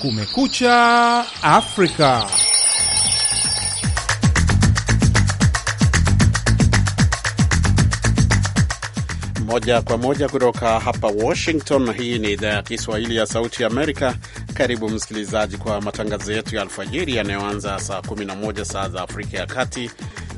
Kumekucha Afrika. Moja kwa moja kutoka hapa Washington. Hii ni idhaa ya Kiswahili ya Sauti Amerika. Karibu msikilizaji kwa matangazo yetu ya alfajiri yanayoanza saa 11 saa za Afrika ya Kati,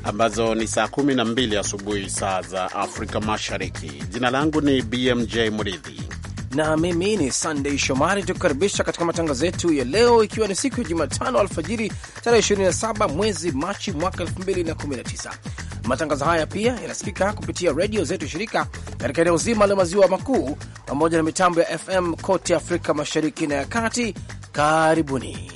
ambazo ni saa 12 asubuhi saa za Afrika Mashariki. Jina langu ni BMJ mridhi na mimi ni sandey Shomari, tukukaribisha katika matangazo yetu ya leo, ikiwa ni siku ya Jumatano alfajiri tarehe 27 mwezi Machi mwaka 2019. Matangazo haya pia yanasikika kupitia redio zetu shirika katika eneo zima la maziwa makuu pamoja na mitambo ya FM kote Afrika mashariki na ya kati. Karibuni.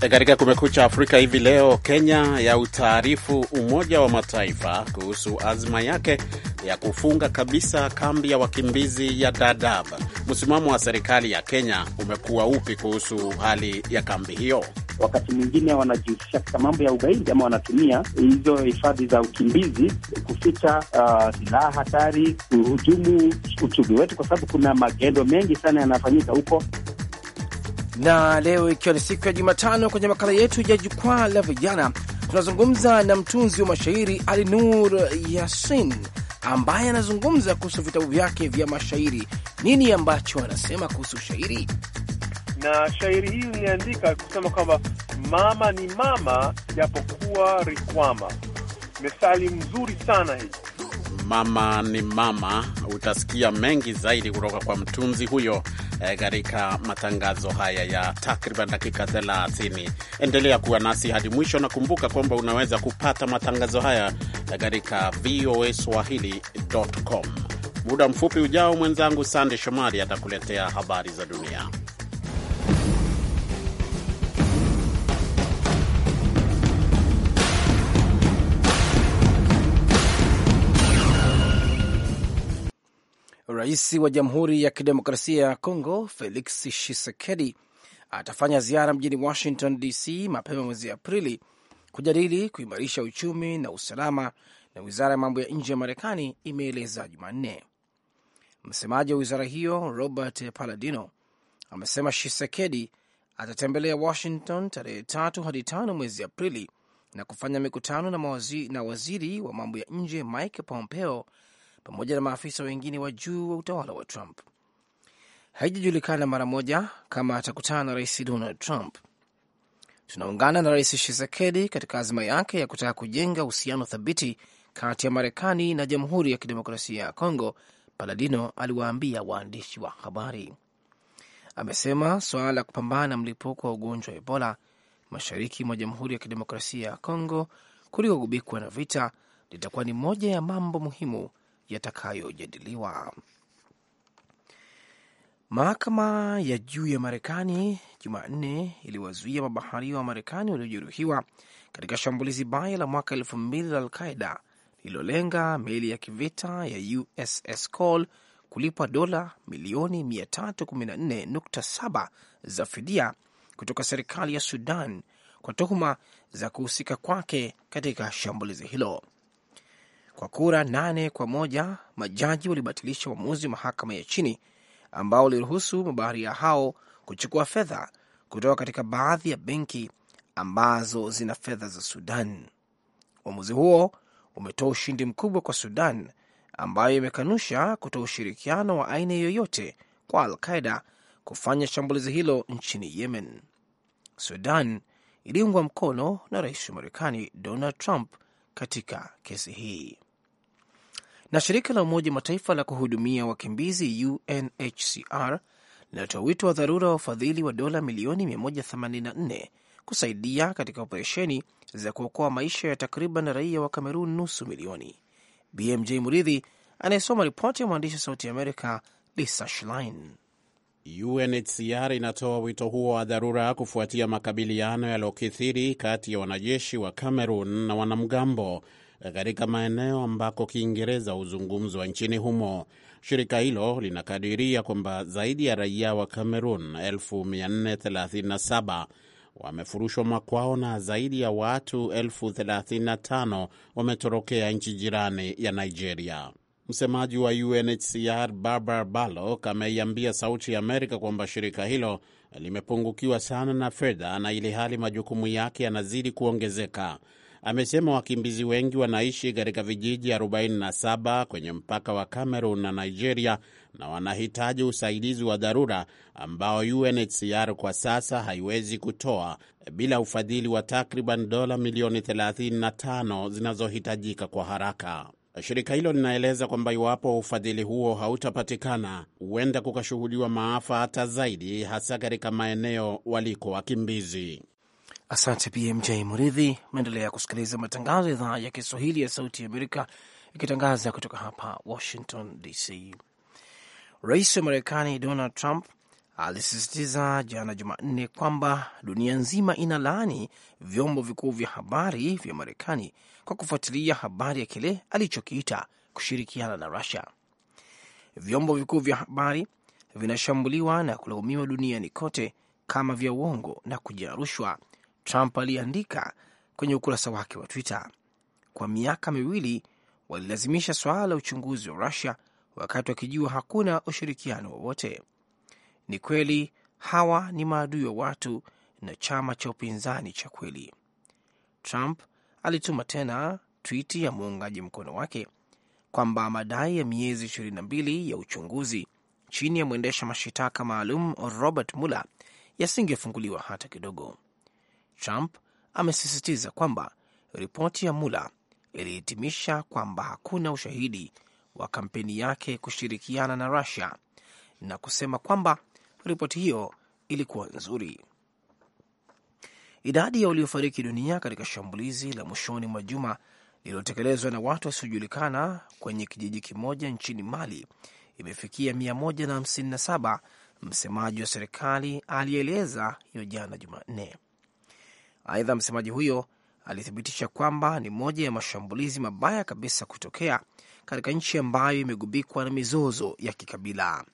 E, katika Kumekucha Afrika hivi leo, Kenya ya utaarifu Umoja wa Mataifa kuhusu azma yake ya kufunga kabisa kambi ya wakimbizi ya Dadaab. Msimamo wa serikali ya Kenya umekuwa upi kuhusu hali ya kambi hiyo? Wakati mwingine wanajihusisha katika mambo ya ugaidi ama wanatumia hizo hifadhi za ukimbizi kuficha uh, silaha uh, hatari, kuhujumu uchumi wetu, kwa sababu kuna magendo mengi sana yanafanyika huko na leo ikiwa ni siku ya Jumatano, kwenye makala yetu ya jukwaa la vijana tunazungumza na mtunzi wa mashairi Ali Nur Yasin ambaye anazungumza kuhusu vitabu vyake vya mashairi. Nini ambacho anasema kuhusu shairi? Na shairi hii liliandika kusema kwamba mama ni mama japokuwa rikwama. Methali mzuri sana hii Mama ni Mama. Utasikia mengi zaidi kutoka kwa mtunzi huyo eh, katika e, matangazo haya ya takriban dakika 30. Endelea kuwa nasi hadi mwisho, na kumbuka kwamba unaweza kupata matangazo haya eh, katika VOA Swahili.com. Muda mfupi ujao, mwenzangu Sande Shomari atakuletea habari za dunia. Rais wa Jamhuri ya Kidemokrasia ya Kongo Felix Tshisekedi atafanya ziara mjini Washington DC mapema mwezi Aprili kujadili kuimarisha uchumi na usalama, na wizara ya mambo ya nje ya Marekani imeeleza Jumanne. Msemaji wa wizara hiyo Robert Paladino amesema Shisekedi atatembelea Washington tarehe tatu hadi tano mwezi Aprili na kufanya mikutano na, mawaziri, na waziri wa mambo ya nje Mike Pompeo pamoja na maafisa wengine wa juu wa utawala wa Trump. Haijajulikana mara moja kama atakutana na rais Donald Trump. Tunaungana na rais shisekedi katika azma yake ya kutaka kujenga uhusiano thabiti kati ya Marekani na Jamhuri ya Kidemokrasia ya Kongo, Paladino aliwaambia waandishi wa habari. Amesema suala la kupambana na mlipuko wa ugonjwa wa Ebola mashariki mwa Jamhuri ya Kidemokrasia ya Kongo kulikogubikwa na vita litakuwa ni moja ya mambo muhimu yatakayojadiliwa. Mahakama ya juu ya Marekani Jumanne iliwazuia mabaharia wa Marekani waliojeruhiwa katika shambulizi baya la mwaka elfu mbili la Alqaida lililolenga meli ya kivita ya USS Cole kulipa dola milioni 314.7 za fidia kutoka serikali ya Sudan kwa tuhuma za kuhusika kwake katika shambulizi hilo. Kwa kura nane kwa moja, majaji walibatilisha uamuzi wa mahakama ya chini ambao uliruhusu mabaharia hao kuchukua fedha kutoka katika baadhi ya benki ambazo zina fedha za Sudan. Uamuzi huo umetoa ushindi mkubwa kwa Sudan ambayo imekanusha kutoa ushirikiano wa aina yoyote kwa Al Qaida kufanya shambulizi hilo nchini Yemen. Sudan iliungwa mkono na rais wa Marekani Donald Trump katika kesi hii. Na shirika la Umoja Mataifa la kuhudumia wakimbizi UNHCR linatoa wito wa dharura wa ufadhili wa dola milioni 184 kusaidia katika operesheni za kuokoa maisha ya takriban raia wa Kamerun nusu milioni. BMJ Muridhi anayesoma ripoti ya mwandishi wa Sauti ya Amerika Lisa Schlein. UNHCR inatoa wito huo wa dharura kufuatia makabiliano yaliyokithiri kati ya wanajeshi wa Cameroon na wanamgambo katika maeneo ambako Kiingereza huzungumzwa nchini humo. Shirika hilo linakadiria kwamba zaidi ya raia wa Cameroon 437 wamefurushwa makwao na zaidi ya watu 35 wametorokea nchi jirani ya Nigeria. Msemaji wa UNHCR Barbara balok ameiambia Sauti ya Amerika kwamba shirika hilo limepungukiwa sana na fedha na ili hali majukumu yake yanazidi kuongezeka amesema wakimbizi wengi wanaishi katika vijiji 47 kwenye mpaka wa Cameroon na Nigeria na wanahitaji usaidizi wa dharura ambao UNHCR kwa sasa haiwezi kutoa bila ufadhili wa takriban dola milioni 35 zinazohitajika kwa haraka. Shirika hilo linaeleza kwamba iwapo ufadhili huo hautapatikana, huenda kukashuhudiwa maafa hata zaidi, hasa katika maeneo waliko wakimbizi. Asante BMJ Muridhi. maendelea kusikiliza matangazo ya idhaa ya Kiswahili ya Sauti ya Amerika ikitangaza kutoka hapa Washington DC. Rais wa Marekani Donald Trump alisisitiza jana Jumanne kwamba dunia nzima ina laani vyombo vikuu vya habari vya Marekani kwa kufuatilia habari ya kile alichokiita kushirikiana na Rusia. Vyombo vikuu vya habari vinashambuliwa na kulaumiwa duniani kote kama vya uongo na kujaa rushwa, Trump aliandika kwenye ukurasa wake wa Twitter. Kwa miaka miwili walilazimisha swala la uchunguzi wa Rusia wakati wakijua hakuna ushirikiano wowote. Ni kweli hawa ni maadui wa watu na chama cha upinzani cha kweli. Trump alituma tena twiti ya muungaji mkono wake kwamba madai ya miezi 22 ya uchunguzi chini ya mwendesha mashitaka maalum Robert Mueller yasingefunguliwa hata kidogo. Trump amesisitiza kwamba ripoti ya mula ilihitimisha kwamba hakuna ushahidi wa kampeni yake kushirikiana na Rusia na kusema kwamba ripoti hiyo ilikuwa nzuri. Idadi ya waliofariki dunia katika shambulizi la mwishoni mwa juma lililotekelezwa na watu wasiojulikana kwenye kijiji kimoja nchini Mali imefikia 157, msemaji wa serikali alieleza hiyo jana Jumanne. Aidha, msemaji huyo alithibitisha kwamba ni moja ya mashambulizi mabaya kabisa kutokea katika nchi ambayo imegubikwa na mizozo ya kikabila.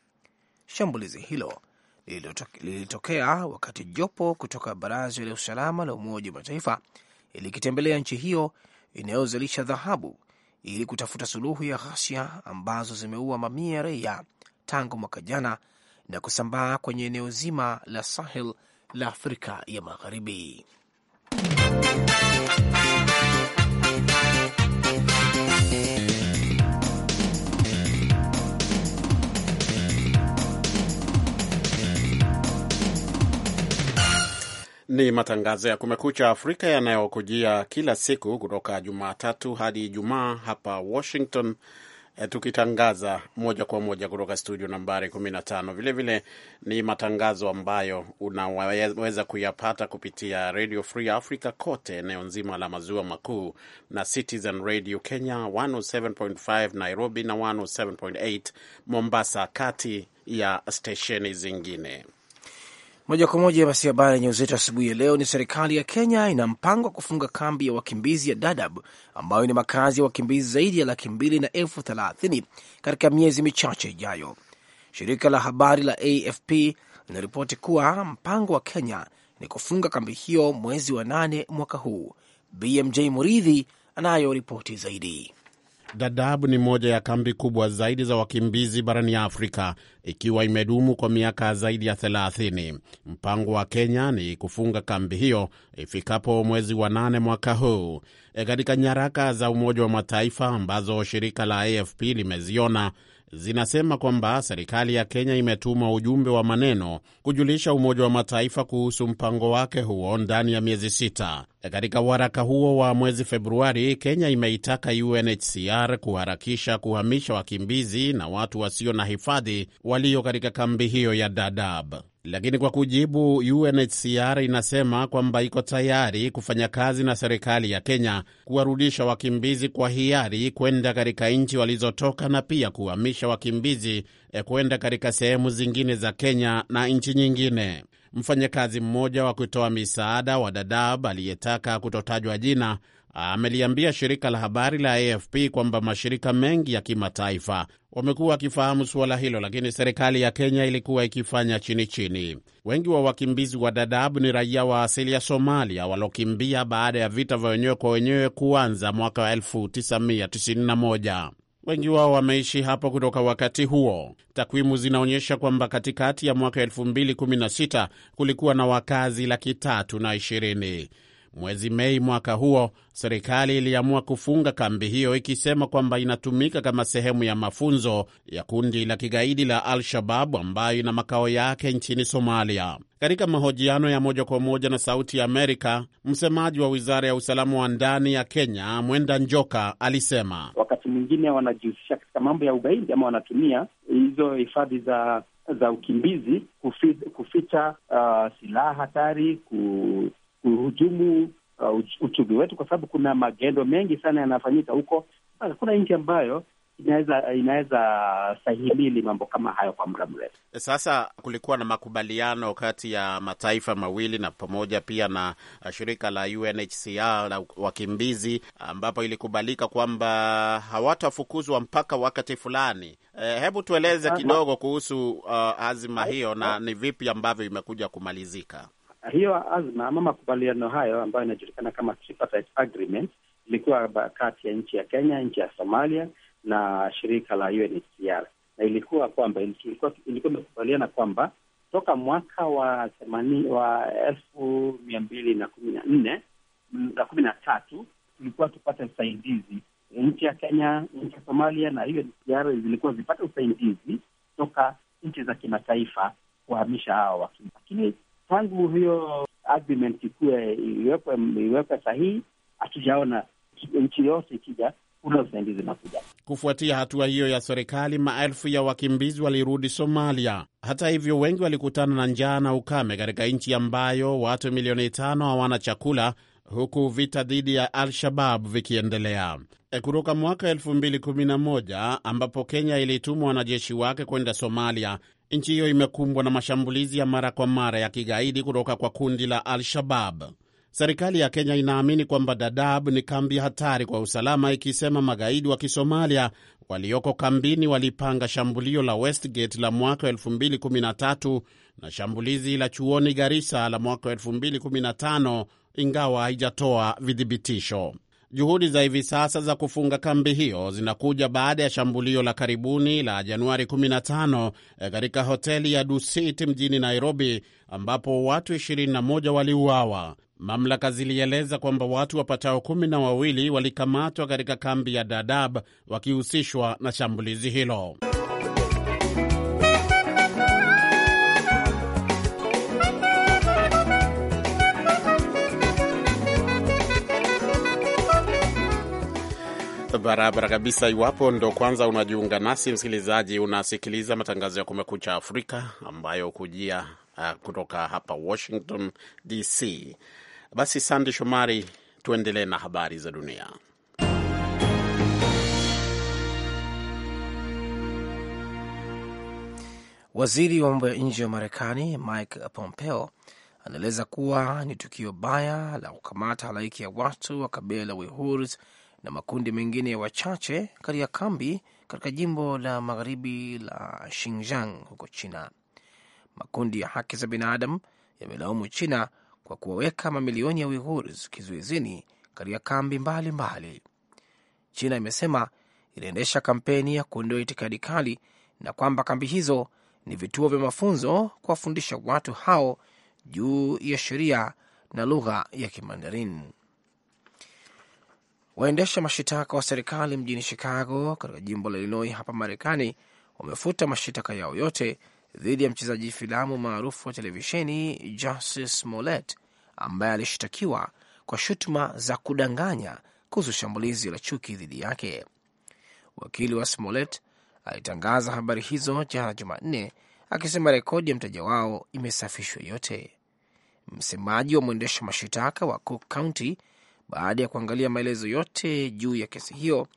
Shambulizi hilo lilitokea wakati jopo kutoka Baraza la Usalama la Umoja wa Mataifa likitembelea nchi hiyo inayozalisha dhahabu ili kutafuta suluhu ya ghasia ambazo zimeua mamia ya raia tangu mwaka jana na kusambaa kwenye eneo zima la Sahel la Afrika ya Magharibi. Ni matangazo ya Kumekucha Afrika yanayokujia kila siku kutoka Jumatatu hadi Ijumaa hapa Washington Eh, tukitangaza moja kwa moja kutoka studio nambari 15. Vilevile ni matangazo ambayo unaweza kuyapata kupitia Radio Free Africa kote eneo nzima la maziwa makuu na Citizen Radio Kenya 107.5 Nairobi na 107.8 Mombasa, kati ya stesheni zingine. Moja kwa moja basi, habari yenye uzito asubuhi ya leo ni serikali ya Kenya ina mpango wa kufunga kambi ya wakimbizi ya Dadaab ambayo ni makazi ya wakimbizi zaidi ya laki mbili na elfu thelathini katika miezi michache ijayo. Shirika la habari la AFP linaripoti kuwa mpango wa Kenya ni kufunga kambi hiyo mwezi wa nane mwaka huu. BMJ Muridhi anayo ripoti zaidi. Dadaab ni moja ya kambi kubwa zaidi za wakimbizi barani Afrika, ikiwa imedumu kwa miaka zaidi ya 30. Mpango wa Kenya ni kufunga kambi hiyo ifikapo mwezi wa nane mwaka huu. E, katika nyaraka za Umoja wa Mataifa ambazo shirika la AFP limeziona zinasema kwamba serikali ya Kenya imetuma ujumbe wa maneno kujulisha Umoja wa Mataifa kuhusu mpango wake huo ndani ya miezi sita. Katika waraka huo wa mwezi Februari, Kenya imeitaka UNHCR kuharakisha kuhamisha wakimbizi na watu wasio na hifadhi walio katika kambi hiyo ya Dadaab. Lakini kwa kujibu, UNHCR inasema kwamba iko tayari kufanya kazi na serikali ya Kenya kuwarudisha wakimbizi kwa hiari kwenda katika nchi walizotoka na pia kuhamisha wakimbizi eh, kwenda katika sehemu zingine za Kenya na nchi nyingine. Mfanyakazi mmoja wa kutoa misaada wa Dadaab aliyetaka kutotajwa jina ameliambia shirika la habari la AFP kwamba mashirika mengi ya kimataifa wamekuwa wakifahamu suala hilo, lakini serikali ya Kenya ilikuwa ikifanya chini chini. Wengi wa wakimbizi wa Dadaab ni raia wa asili ya Somalia walokimbia baada ya vita vya wenyewe kwa wenyewe kuanza mwaka wa 1991. Wengi wao wameishi hapo kutoka wakati huo. Takwimu zinaonyesha kwamba katikati ya mwaka 2016 kulikuwa na wakazi laki tatu na ishirini. Mwezi Mei mwaka huo, serikali iliamua kufunga kambi hiyo ikisema kwamba inatumika kama sehemu ya mafunzo ya kundi la kigaidi la Al-Shabab ambayo ina makao yake nchini Somalia. Katika mahojiano ya moja kwa moja na Sauti ya Amerika, msemaji wa wizara ya usalama wa ndani ya Kenya, Mwenda Njoka, alisema wakati mwingine wanajihusisha katika mambo ya ugaidi ama wanatumia hizo hifadhi za za ukimbizi kuficha uh, silaha hatari ku kuhujumu uh, uchumi wetu, kwa sababu kuna magendo mengi sana yanafanyika huko. Hakuna nchi ambayo inaweza inaweza sahimili mambo kama hayo kwa muda mrefu. Sasa kulikuwa na makubaliano kati ya mataifa mawili na pamoja pia na uh, shirika la UNHCR la wakimbizi, ambapo ilikubalika kwamba hawatafukuzwa mpaka wakati fulani. E, hebu tueleze kidogo kuhusu uh, azima hiyo na ni vipi ambavyo imekuja kumalizika. Hiyo azma ama makubaliano hayo ambayo inajulikana kama tripartite agreement ilikuwa kati ya nchi ya Kenya, nchi ya Somalia na shirika la UNHCR na ilikuwa kwamba ilikuwa imekubaliana kwamba toka mwaka wa themanini wa elfu mia mbili na kumi na nne mm, na kumi na tatu tulikuwa tupate usaidizi nchi ya Kenya, nchi ya Somalia na UNHCR zilikuwa zipate usaidizi toka nchi za kimataifa kuhamisha hawa wakimbizi, lakini tangu hiyo agreement ikuwe iwekwe iwekwe sahihi, hatujaona nchi yote ikija kuna usaidizi zinakuja kufuatia hatua hiyo ya serikali. Maelfu ya wakimbizi walirudi Somalia. Hata hivyo, wengi walikutana na njaa na ukame katika nchi ambayo watu milioni tano hawana chakula, huku vita dhidi ya Al-Shabab vikiendelea e, kutoka mwaka 2011 ambapo Kenya ilitumwa wanajeshi wake kwenda Somalia Nchi hiyo imekumbwa na mashambulizi ya mara kwa mara ya kigaidi kutoka kwa kundi la Al-Shabab. Serikali ya Kenya inaamini kwamba Dadaab ni kambi hatari kwa usalama, ikisema magaidi wa Kisomalia walioko kambini walipanga shambulio la Westgate la mwaka 2013 na shambulizi la chuoni Garissa la mwaka 2015, ingawa haijatoa vithibitisho. Juhudi za hivi sasa za kufunga kambi hiyo zinakuja baada ya shambulio la karibuni la Januari 15 eh, katika hoteli ya Dusit mjini Nairobi, ambapo watu 21 waliuawa. Mamlaka zilieleza kwamba watu wapatao kumi na wawili walikamatwa katika kambi ya Dadaab wakihusishwa na shambulizi hilo. barabara kabisa. Iwapo ndo kwanza unajiunga nasi, msikilizaji, unasikiliza matangazo ya Kumekucha Afrika ambayo hukujia uh, kutoka hapa Washington DC. Basi Sandi Shomari, tuendelee na habari za dunia. Waziri wa mambo ya nje wa Marekani Mike Pompeo anaeleza kuwa ni tukio baya la kukamata halaiki ya watu wa kabila la Wehurs na makundi mengine ya wachache katika kambi katika jimbo la magharibi la Xinjiang huko China. Makundi ya haki za binadamu yamelaumu China kwa kuwaweka mamilioni ya Uighurs kizuizini katika kambi mbalimbali mbali. China imesema inaendesha kampeni ya kuondoa itikadi kali na kwamba kambi hizo ni vituo vya mafunzo kuwafundisha watu hao juu ya sheria na lugha ya Kimandarin. Waendesha mashitaka wa serikali mjini Chicago katika jimbo la Illinois hapa Marekani wamefuta mashitaka yao yote dhidi ya mchezaji filamu maarufu wa televisheni Jussie Smollett ambaye alishtakiwa kwa shutuma za kudanganya kuhusu shambulizi la chuki dhidi yake. Wakili wa Smollett alitangaza habari hizo jana Jumanne akisema rekodi ya mteja wao imesafishwa yote. Msemaji wa mwendesha mashitaka wa Cook County baada ya kuangalia maelezo yote juu ya kesi hiyo,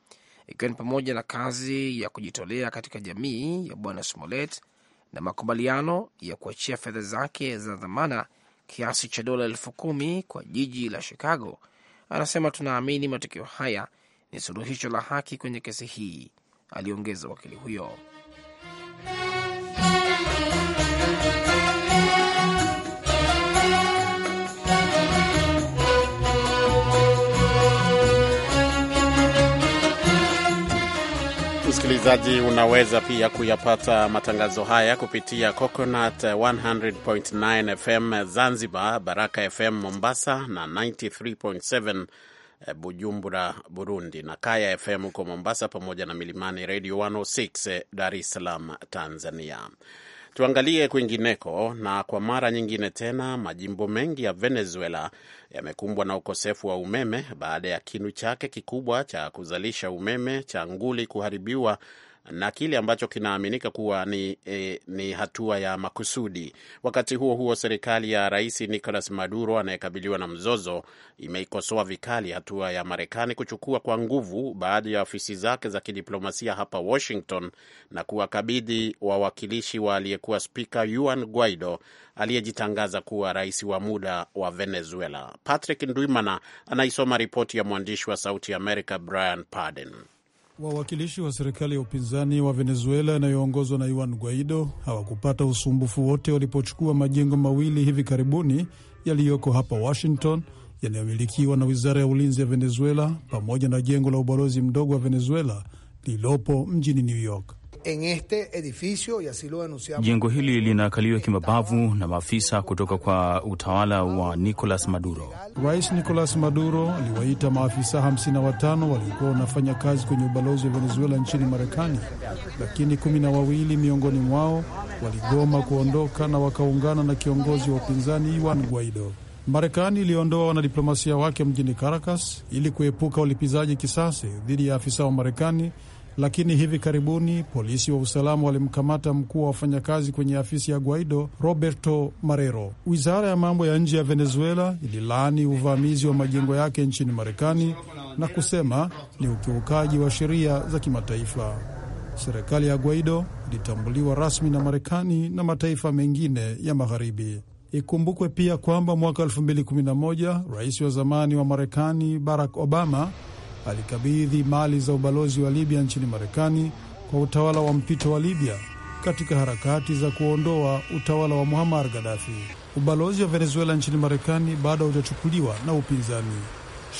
ikiwa ni pamoja na kazi ya kujitolea katika jamii ya Bwana Smollett na makubaliano ya kuachia fedha zake za dhamana kiasi cha dola elfu kumi kwa jiji la Chicago. Anasema, tunaamini matokeo haya ni suluhisho la haki kwenye kesi hii, aliongeza wakili huyo. Msikilizaji, unaweza pia kuyapata matangazo haya kupitia Coconut 100.9 FM Zanzibar, Baraka FM Mombasa na 93.7 Bujumbura, Burundi, na Kaya FM huko Mombasa, pamoja na Milimani Radio 106 Dar es Salaam, Tanzania. Tuangalie kwingineko. Na kwa mara nyingine tena, majimbo mengi ya Venezuela yamekumbwa na ukosefu wa umeme baada ya kinu chake kikubwa cha kuzalisha umeme cha nguli kuharibiwa na kile ambacho kinaaminika kuwa ni, e, ni hatua ya makusudi. Wakati huo huo, serikali ya Rais Nicolas Maduro anayekabiliwa na mzozo imeikosoa vikali hatua ya Marekani kuchukua kwa nguvu baadhi ya ofisi zake za kidiplomasia hapa Washington na kuwakabidhi wawakilishi wa aliyekuwa spika Juan Guaido aliyejitangaza kuwa rais wa muda wa Venezuela. Patrick Ndwimana anaisoma ripoti ya mwandishi wa Sauti Amerika Brian Paden. Wawakilishi wa serikali ya upinzani wa Venezuela inayoongozwa na Juan Guaido hawakupata usumbufu wote walipochukua majengo mawili hivi karibuni yaliyoko hapa Washington yanayomilikiwa na wizara ya ulinzi ya Venezuela pamoja na jengo la ubalozi mdogo wa Venezuela lililopo mjini New York en este edificio y así lo denunciamos. Jengo hili linakaliwa kimabavu na maafisa kutoka kwa utawala wa Nicolas Maduro. Rais Nicolas Maduro aliwaita maafisa 55 waliokuwa wanafanya kazi kwenye ubalozi wa Venezuela nchini Marekani, lakini kumi na wawili miongoni mwao waligoma kuondoka na wakaungana na kiongozi wa upinzani Juan Guaido. Marekani iliondoa wanadiplomasia wake mjini Caracas ili kuepuka ulipizaji kisasi dhidi ya afisa wa Marekani lakini hivi karibuni polisi wa usalama walimkamata mkuu wa wafanyakazi kwenye afisi ya Guaido, Roberto Marrero. Wizara ya mambo ya nje ya Venezuela ililaani uvamizi wa majengo yake nchini Marekani na kusema ni ukiukaji wa sheria za kimataifa. Serikali ya Guaido ilitambuliwa rasmi na Marekani na mataifa mengine ya Magharibi. Ikumbukwe pia kwamba mwaka 2011 rais wa zamani wa Marekani Barack Obama alikabidhi mali za ubalozi wa Libya nchini Marekani kwa utawala wa mpito wa Libya katika harakati za kuondoa utawala wa muhamar Gadafi. Ubalozi wa Venezuela nchini Marekani bado haujachukuliwa na upinzani.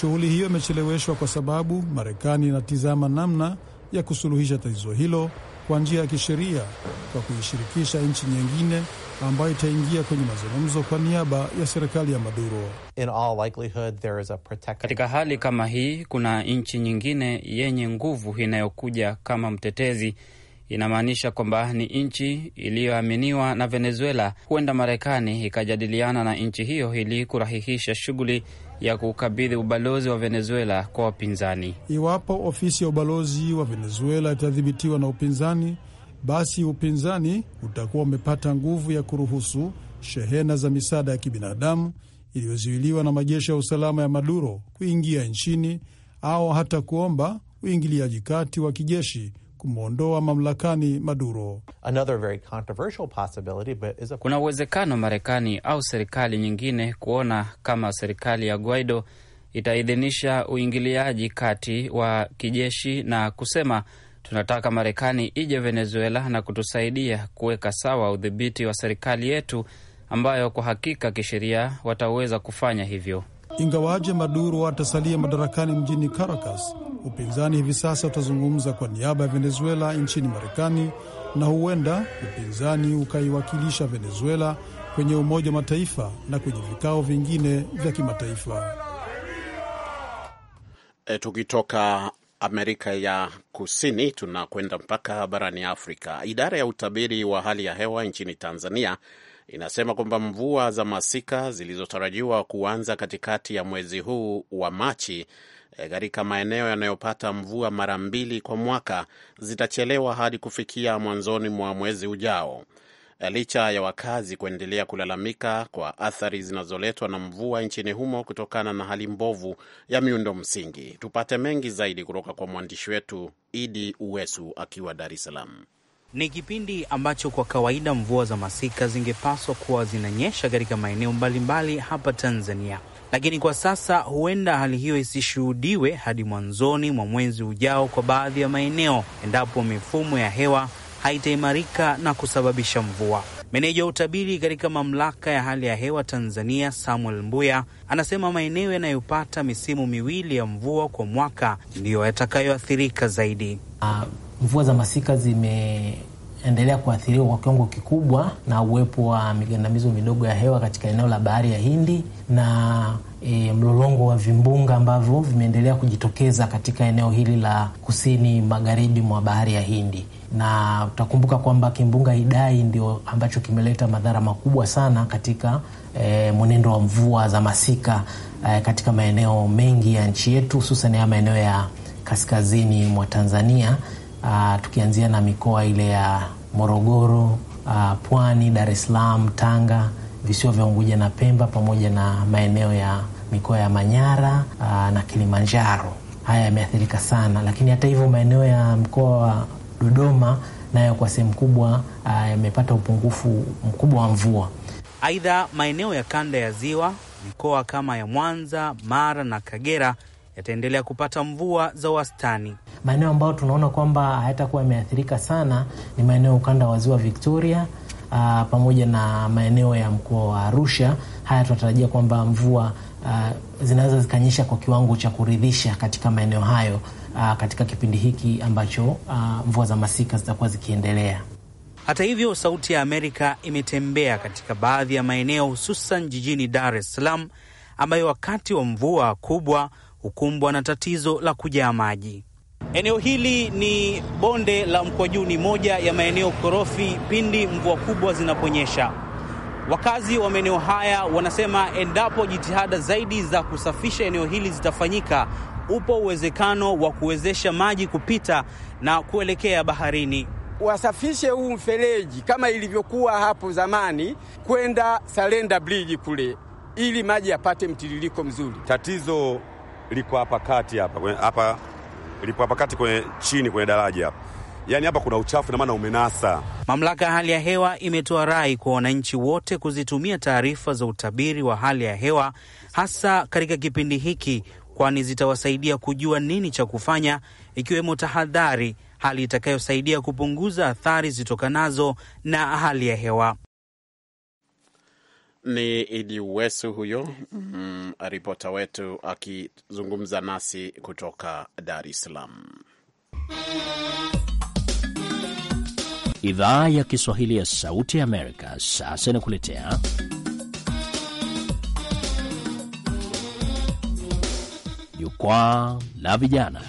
Shughuli hiyo imecheleweshwa kwa sababu Marekani inatizama namna ya kusuluhisha tatizo hilo kwa njia ya kisheria kwa kuishirikisha nchi nyingine ambayo itaingia kwenye mazungumzo kwa niaba ya serikali ya Maduro. In all likelihood, there is a Katika hali kama hii kuna nchi nyingine yenye nguvu inayokuja kama mtetezi inamaanisha kwamba ni nchi iliyoaminiwa na Venezuela. Huenda Marekani ikajadiliana na nchi hiyo ili kurahihisha shughuli ya kukabidhi ubalozi wa Venezuela kwa wapinzani. Iwapo ofisi ya ubalozi wa Venezuela itadhibitiwa na upinzani, basi upinzani utakuwa umepata nguvu ya kuruhusu shehena za misaada ya kibinadamu iliyozuiliwa na majeshi ya usalama ya Maduro kuingia nchini au hata kuomba uingiliaji kati wa kijeshi kumwondoa mamlakani Maduro. Kuna uwezekano Marekani au serikali nyingine kuona kama serikali ya Guaido itaidhinisha uingiliaji kati wa kijeshi na kusema tunataka Marekani ije Venezuela na kutusaidia kuweka sawa udhibiti wa serikali yetu, ambayo kwa hakika kisheria wataweza kufanya hivyo. Ingawaje Maduro atasalia madarakani mjini Caracas, upinzani hivi sasa utazungumza kwa niaba ya Venezuela nchini Marekani, na huenda upinzani ukaiwakilisha Venezuela kwenye Umoja wa Mataifa na kwenye vikao vingine vya kimataifa. E, tukitoka Amerika ya Kusini tunakwenda mpaka barani Afrika. Idara ya utabiri wa hali ya hewa nchini Tanzania inasema kwamba mvua za masika zilizotarajiwa kuanza katikati ya mwezi huu wa Machi eh, katika maeneo yanayopata mvua mara mbili kwa mwaka zitachelewa hadi kufikia mwanzoni mwa mwezi ujao. Eh, licha ya wakazi kuendelea kulalamika kwa athari zinazoletwa na mvua nchini humo kutokana na hali mbovu ya miundo msingi. Tupate mengi zaidi kutoka kwa mwandishi wetu Idi Uwesu akiwa Dar es Salaam. Ni kipindi ambacho kwa kawaida mvua za masika zingepaswa kuwa zinanyesha katika maeneo mbalimbali hapa Tanzania, lakini kwa sasa huenda hali hiyo isishuhudiwe hadi mwanzoni mwa mwezi ujao kwa baadhi ya maeneo, endapo mifumo ya hewa haitaimarika na kusababisha mvua. Meneja wa utabiri katika mamlaka ya hali ya hewa Tanzania, Samuel Mbuya, anasema maeneo yanayopata misimu miwili ya mvua kwa mwaka ndiyo yatakayoathirika zaidi. Uh mvua za masika zimeendelea kuathiriwa kwa kiwango kikubwa na uwepo wa migandamizo midogo ya hewa katika eneo la bahari ya Hindi na E, mlolongo wa vimbunga ambavyo vimeendelea kujitokeza katika eneo hili la kusini magharibi mwa bahari ya Hindi, na utakumbuka kwamba kimbunga Idai ndio ambacho kimeleta madhara makubwa sana katika e, mwenendo wa mvua za masika e, katika maeneo mengi ya nchi yetu, hususan ya maeneo ya kaskazini mwa Tanzania uh, tukianzia na mikoa ile ya Morogoro, uh, Pwani, Dar es Salaam, Tanga, visiwa vya Unguja na Pemba, pamoja na maeneo ya mikoa ya Manyara uh, na Kilimanjaro. Haya yameathirika sana, lakini hata hivyo maeneo ya mkoa wa Dodoma nayo kwa sehemu kubwa uh, yamepata upungufu mkubwa wa mvua. Aidha, maeneo ya kanda ya ziwa, mikoa kama ya Mwanza, Mara na Kagera yataendelea kupata mvua za wastani. Maeneo ambayo tunaona kwamba hayatakuwa yameathirika sana ni maeneo ya ukanda wa ziwa Victoria, uh, pamoja na maeneo ya mkoa wa Arusha. Haya tunatarajia kwamba mvua uh, zinaweza zikanyesha kwa kiwango cha kuridhisha katika maeneo hayo, uh, katika kipindi hiki ambacho uh, mvua za masika zitakuwa zikiendelea. Hata hivyo, Sauti ya Amerika imetembea katika baadhi ya maeneo hususan jijini Dar es Salaam ambayo wakati wa mvua kubwa hukumbwa na tatizo la kujaa maji. Eneo hili ni bonde la Mkwajuu, ni moja ya maeneo korofi pindi mvua kubwa zinaponyesha. Wakazi wa maeneo haya wanasema endapo jitihada zaidi za kusafisha eneo hili zitafanyika, upo uwezekano wa kuwezesha maji kupita na kuelekea baharini. Wasafishe huu mfereji kama ilivyokuwa hapo zamani kwenda Salenda Bridge kule, ili maji yapate mtiririko mzuri. Tatizo liko hapa kati hapa hapa, lipo hapa kati kwenye chini kwenye daraja hapa Yaani hapa kuna uchafu na maana umenasa. Mamlaka ya hali ya hewa imetoa rai kwa wananchi wote kuzitumia taarifa za utabiri wa hali ya hewa hasa katika kipindi hiki, kwani zitawasaidia kujua nini cha kufanya, ikiwemo tahadhari, hali itakayosaidia kupunguza athari zitokanazo na hali ya hewa. Ni Idi Uwesu huyo, mm, ripota wetu akizungumza nasi kutoka Dar es Salaam. Idhaa ya Kiswahili ya Sauti ya Amerika sasa inakuletea Jukwaa la Vijana.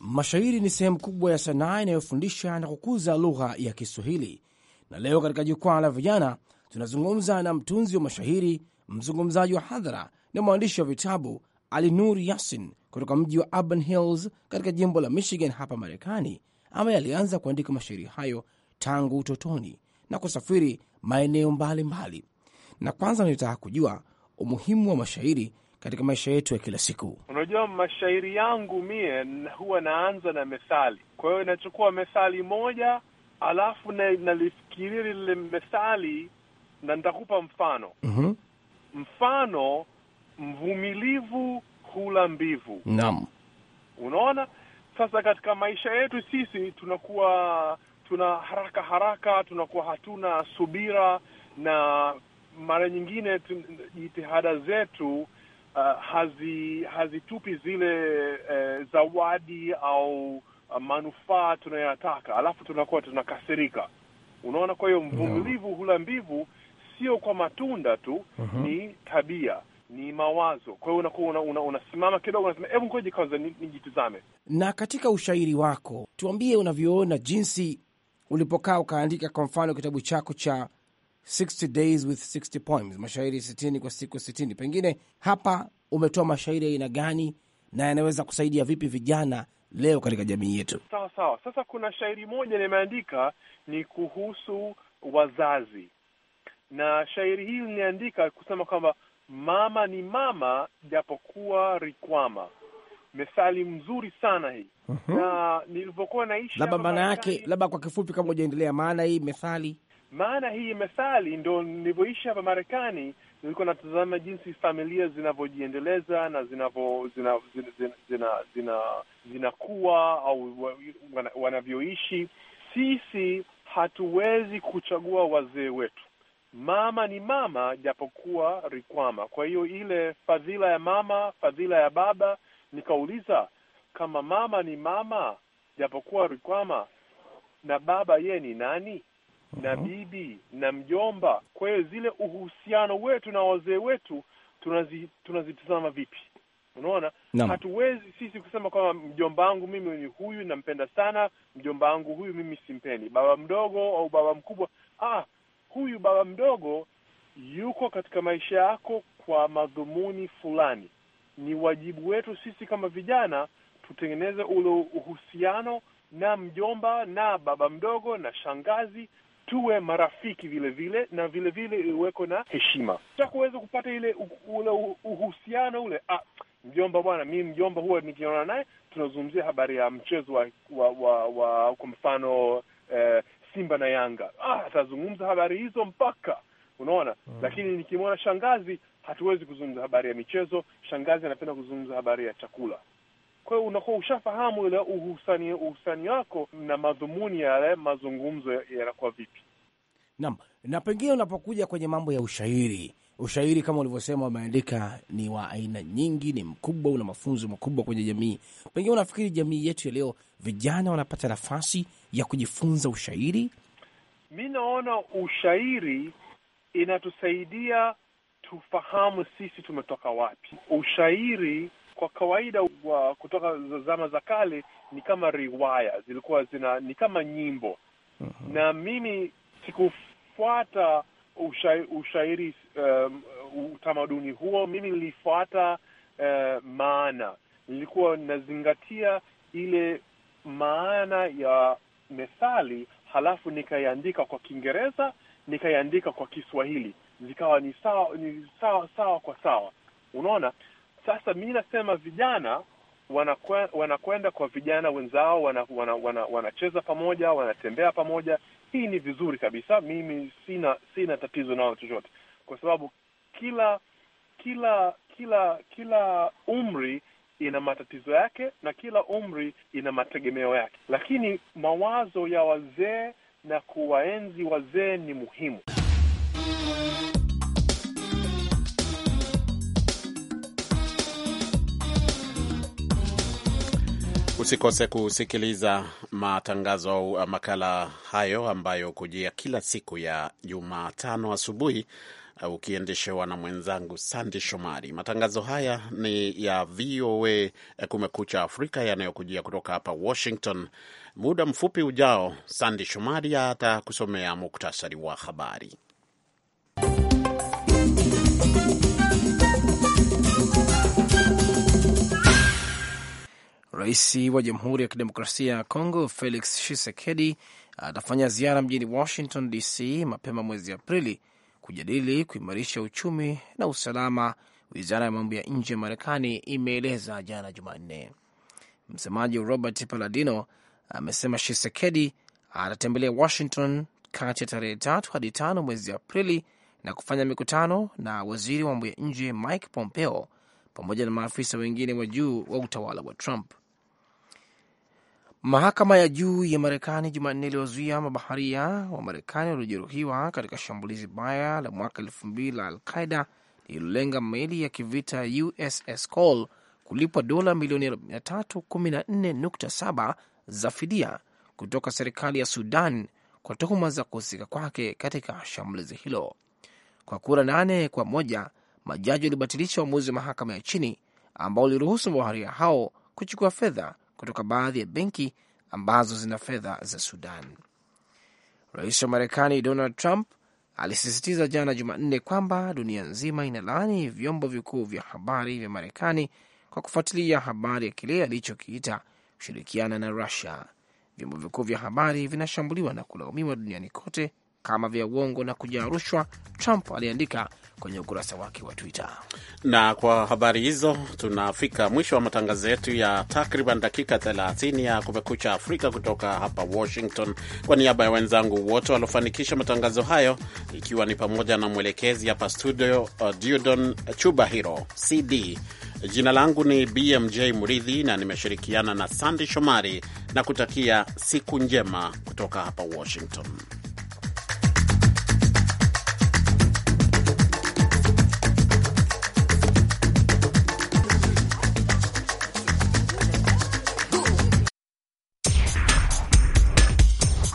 Mashairi ni sehemu kubwa ya sanaa inayofundisha na kukuza lugha ya Kiswahili, na leo katika Jukwaa la Vijana Tunazungumza na mtunzi wa mashahiri mzungumzaji wa hadhara na mwandishi wa vitabu Nur Yasin kutoka mji wa Auburn Hills katika jimbo la Michigan hapa Marekani, ambaye alianza kuandika mashairi hayo tangu utotoni na kusafiri maeneo mbalimbali. Na kwanza nilitaka kujua umuhimu wa mashairi katika maisha yetu ya kila siku. Unajua, mashairi yangu mie huwa naanza na methali, kwa hiyo inachukua methali moja alafu nalifikiria lile methali na nitakupa mfano mm -hmm. Mfano, mvumilivu hula mbivu. Naam, unaona sasa, katika maisha yetu sisi tunakuwa tuna haraka haraka, tunakuwa hatuna subira, na mara nyingine jitihada zetu uh, hazi hazitupi zile uh, zawadi au uh, manufaa tunayoyataka, alafu tunakuwa tunakasirika. Unaona, kwa hiyo mvumilivu hula mbivu sio kwa matunda tu uh mhm. -huh. Ni tabia, ni mawazo. Kwa hiyo unakuwa una, una, unasimama kidogo, unasema hebu ngoje kwanza nijitizame. Na katika ushairi wako, tuambie unavyoona jinsi ulipokaa ukaandika, kwa mfano kitabu chako cha 60 days with 60 poems, mashairi 60 kwa siku 60, pengine hapa umetoa mashairi ya aina gani na yanaweza kusaidia vipi vijana leo katika jamii yetu? Sawa sawa. Sasa kuna shairi moja nimeandika ni kuhusu wazazi na shairi hili linaandika kusema kwamba mama ni mama japokuwa rikwama. Methali mzuri sana hii uh mhm. -huh. na nilivyokuwa naishi, labda maana yake, labda kwa kifupi, kama hujaendelea, maana hii methali, maana hii methali ndo nilivyoishi hapa Marekani, nilikuwa natazama jinsi familia zinavyojiendeleza na zinavyo zina zinakuwa zina, zina, zina au wanavyoishi. Sisi hatuwezi kuchagua wazee wetu mama ni mama japokuwa Rikwama. Kwa hiyo ile fadhila ya mama, fadhila ya baba, nikauliza kama mama ni mama japokuwa Rikwama, na baba ye ni nani? na bibi na mjomba. Kwa hiyo zile uhusiano wetu na wazee wetu tunazi, vipi? Unaona, hatuwezi sisi kusema kwamba mjomba wangu mimi ni huyu nampenda sana, mjomba wangu huyu mimi simpendi, baba mdogo au baba mkubwa ah huyu baba mdogo yuko katika maisha yako kwa madhumuni fulani. Ni wajibu wetu sisi kama vijana tutengeneze ule uhusiano na mjomba na baba mdogo na shangazi, tuwe marafiki vile vile, na vile vile iweko na heshima cha kuweza kupata ile ule uhusiano ule. Ah, mjomba bwana, mi mjomba huwa nikiona naye tunazungumzia habari ya mchezo wa, wa, wa, wa kwa mfano eh, Simba na Yanga, ah, atazungumza habari hizo mpaka unaona mm. Lakini nikimwona shangazi, hatuwezi kuzungumza habari ya michezo. Shangazi anapenda kuzungumza habari ya chakula. Kwa hiyo unakuwa ushafahamu ile uhusani uhusani wako na madhumuni yale mazungumzo yanakuwa vipi. Naam, na pengine unapokuja kwenye mambo ya ushairi Ushairi kama ulivyosema, wameandika ni wa aina nyingi, ni mkubwa, una mafunzo makubwa kwenye jamii. Pengine unafikiri jamii yetu ya leo vijana wanapata nafasi ya kujifunza ushairi? Mi naona ushairi inatusaidia tufahamu sisi tumetoka wapi. Ushairi kwa kawaida wa kutoka zama za kale ni kama riwaya, zilikuwa zina ni kama nyimbo. uh mhm. -huh. na mimi sikufuata ushairi, ushairi um, utamaduni huo mimi nilifuata uh, maana, nilikuwa nazingatia ile maana ya methali, halafu nikaiandika kwa Kiingereza, nikaiandika kwa Kiswahili, zikawa ni sawa, ni sawa sawa kwa sawa. Unaona, sasa mi nasema vijana wanakwenda kwa vijana wenzao, wanacheza wana, wana, wana pamoja, wanatembea pamoja hii ni vizuri kabisa. Mimi sina sina tatizo nao chochote, kwa sababu kila kila kila kila umri ina matatizo yake na kila umri ina mategemeo yake, lakini mawazo ya wazee na kuwaenzi wazee ni muhimu. Usikose kusikiliza matangazo au uh, makala hayo ambayo kujia kila siku ya Jumatano asubuhi uh, ukiendeshewa na mwenzangu Sandi Shomari. Matangazo haya ni ya VOA uh, Kumekucha Afrika yanayokujia kutoka hapa Washington. Muda mfupi ujao, Sandi Shomari atakusomea muktasari wa habari. Rais wa Jamhuri ya Kidemokrasia ya Kongo Felix Tshisekedi atafanya ziara mjini Washington DC mapema mwezi Aprili kujadili kuimarisha uchumi na usalama, wizara ya mambo ya nje ya Marekani imeeleza jana Jumanne. Msemaji Robert Paladino amesema Tshisekedi atatembelea Washington kati ya tarehe tatu hadi tano mwezi Aprili na kufanya mikutano na waziri wa mambo ya nje Mike Pompeo pamoja na maafisa wengine wa juu wa utawala wa Trump. Mahakama ya juu ya Marekani Jumanne iliwazuia mabaharia wa Marekani waliojeruhiwa katika shambulizi baya la mwaka elfu mbili la Alqaida lililolenga meli ya kivita USS Cole kulipwa dola milioni 314.7 za fidia kutoka serikali ya Sudan kwa tuhuma za kuhusika kwake katika shambulizi hilo. Kwa kura nane kwa moja, majaji walibatilisha uamuzi wa mahakama ya chini ambao uliruhusu mabaharia hao kuchukua fedha kutoka baadhi ya benki ambazo zina fedha za Sudan. Rais wa Marekani Donald Trump alisisitiza jana Jumanne kwamba dunia nzima inalaani vyombo vikuu vya habari vya Marekani kwa kufuatilia habari ya kile alichokiita kushirikiana na Rusia. Vyombo vikuu vya habari vinashambuliwa na kulaumiwa duniani kote kama vya uongo na kujaa rushwa, Trump aliandika kwenye ukurasa wake wa Twitter. Na kwa habari hizo, tunafika mwisho wa matangazo yetu ya takriban dakika 30 ya Kumekucha Afrika kutoka hapa Washington. Kwa niaba ya wenzangu wote waliofanikisha matangazo hayo, ikiwa ni pamoja na mwelekezi hapa studio uh, Diodon Chubahiro CD, jina langu ni BMJ Muridhi na nimeshirikiana na Sandi Shomari na kutakia siku njema kutoka hapa Washington.